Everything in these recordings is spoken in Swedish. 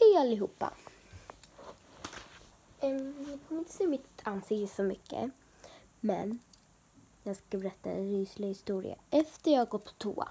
Hej allihopa! Ni kommer inte se mitt ansikte så mycket. Men jag ska berätta en ryslig historia efter jag har gått på toa.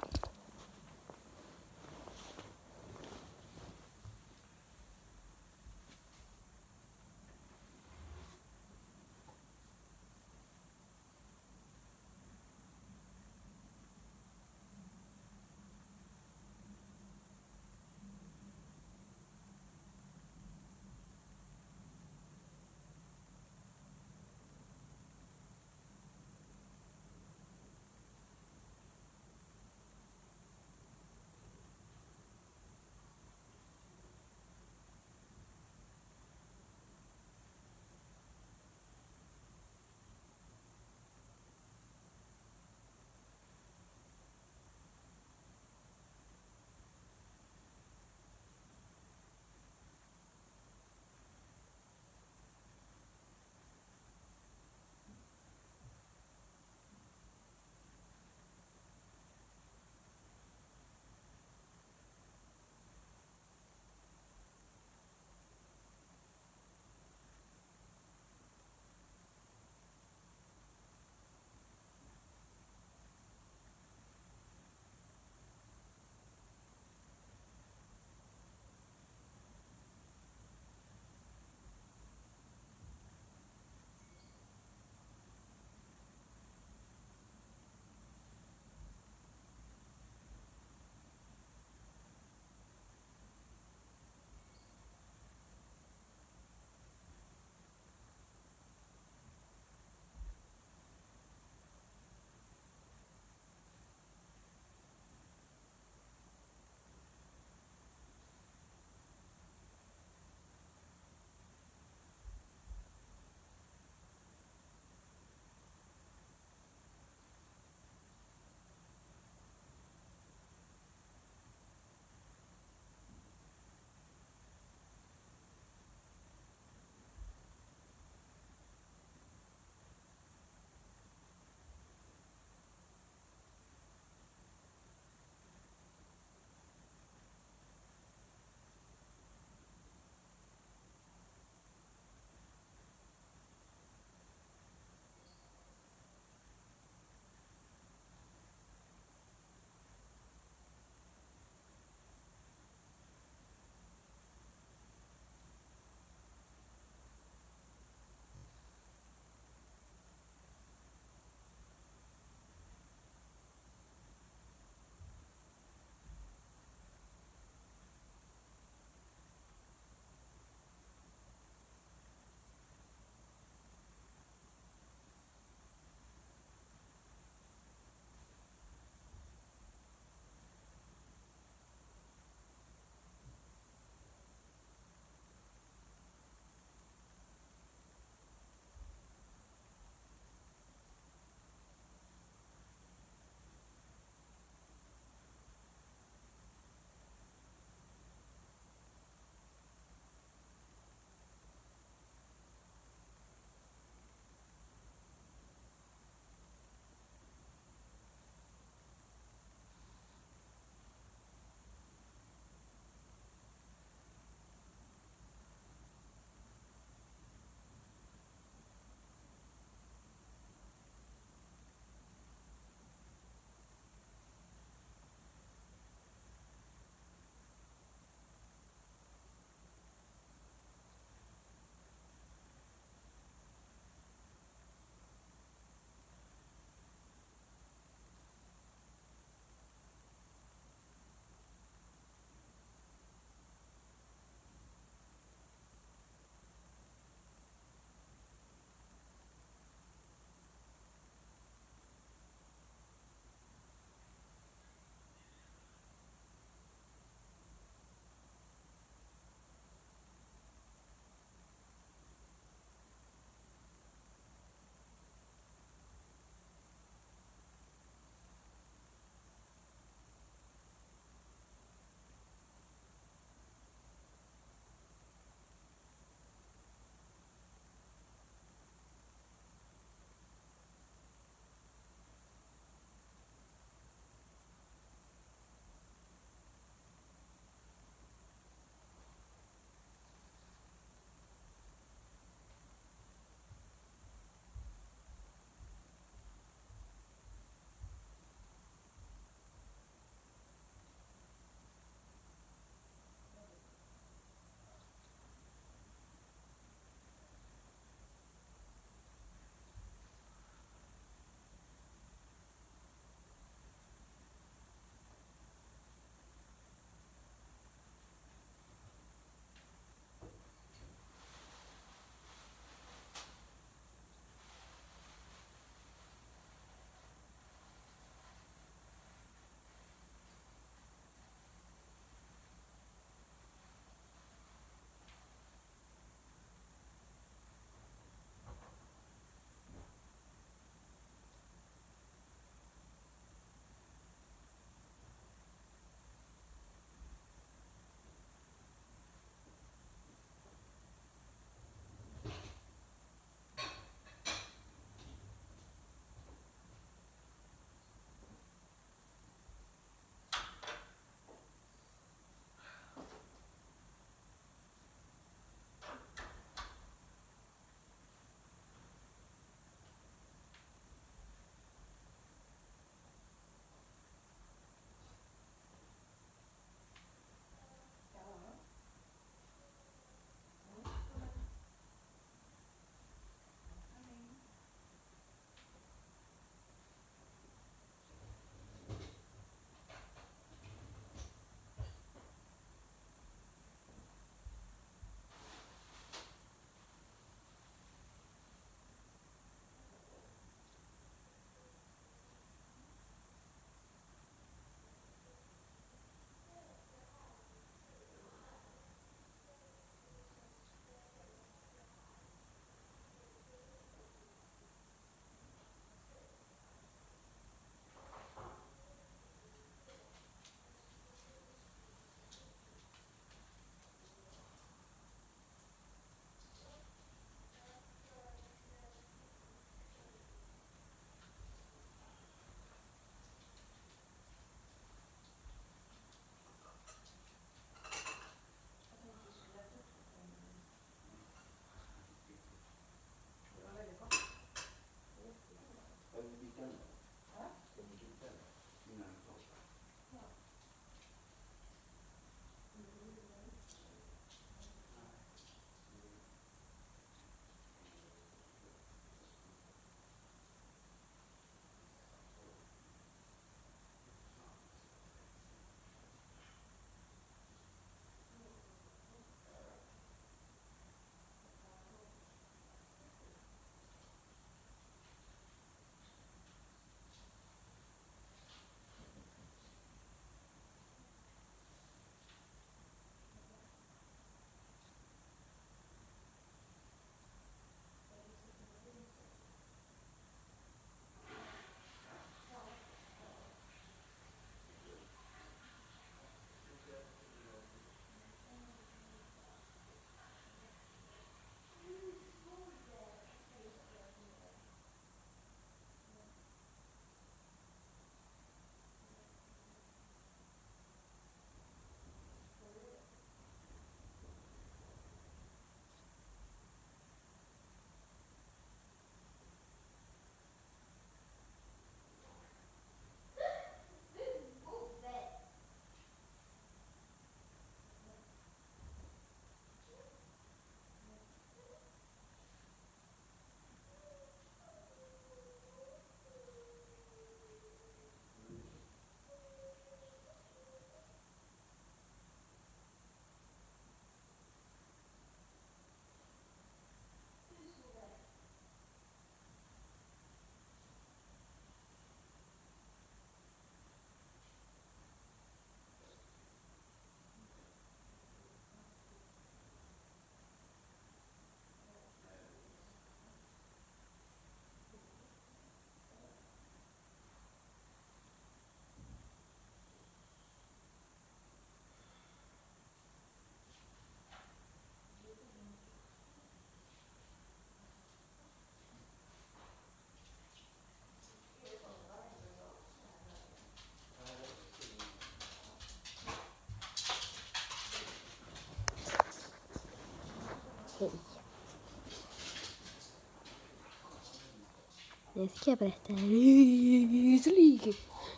Nu ska jag berätta en ryslig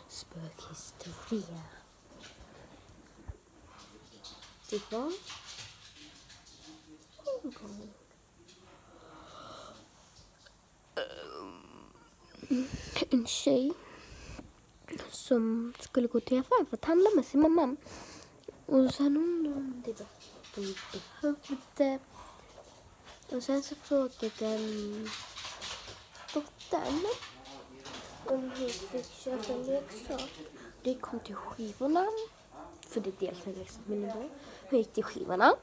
spökhistoria. Det var en gång. Ehm, en tjej som skulle gå till affären för att handla med sin mamma. Och sen hon om det behövde. Och sen så frågade den dottern om hon fick köpa en leksak. Det kom till skivorna. För det är dels en leksak med nivå. Hon gick till skivorna.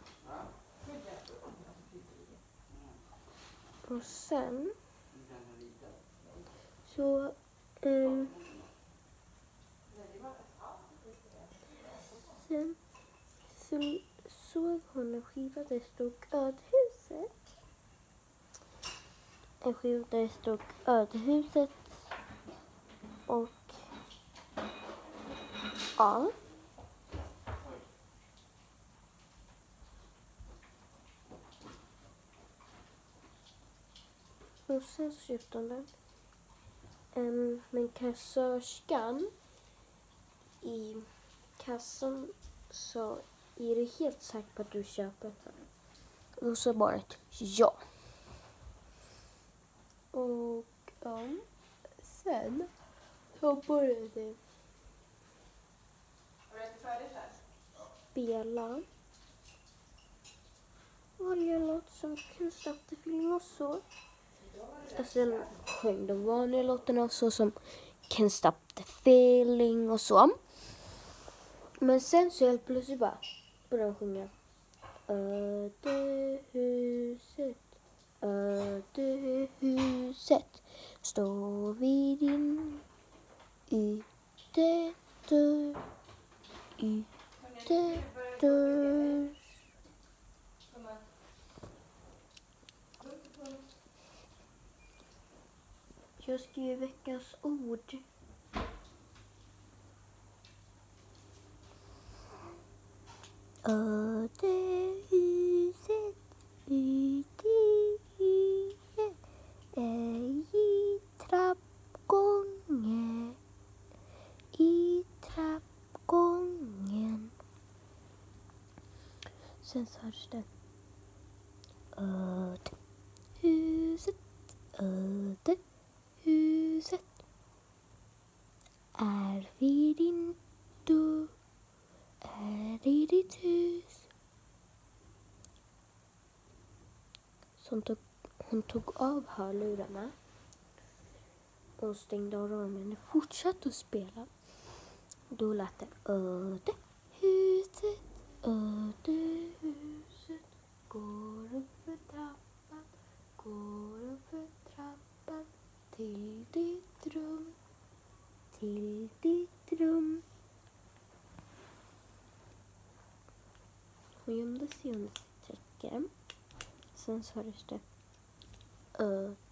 Och sen så um, sen så såg hon en skiva där det stod Ödhuset. En skylt där det stod ödehuset och ja. Och sen så köpte hon den. Um, men kassörskan i kassan sa, är du helt säker på att du köper den? Och så bara ett ja. Och ja, sen så började vi spela. Varje låt som kunskap till film och så. Och sen sjöng de vanliga låtarna så som Can't stop the feeling och så. Men sen så helt plötsligt bara började de sjunga Ödehuset ödehuset står vid din ytterdörr, ytterdörr. Jag skriver veckans ord. Öde Sen så hörs det. Öde huset, öde huset. Är vid din dörr, är i ditt hus. Så hon tog, hon tog av hörlurarna och stängde av dem men fortsatte att spela. Då lät det öde, huset, öde Korfu trappan, korfu trappan till ditt rum, till ditt rum. Huyumda siyonu çekeceğim. Sen sonra işte ıı,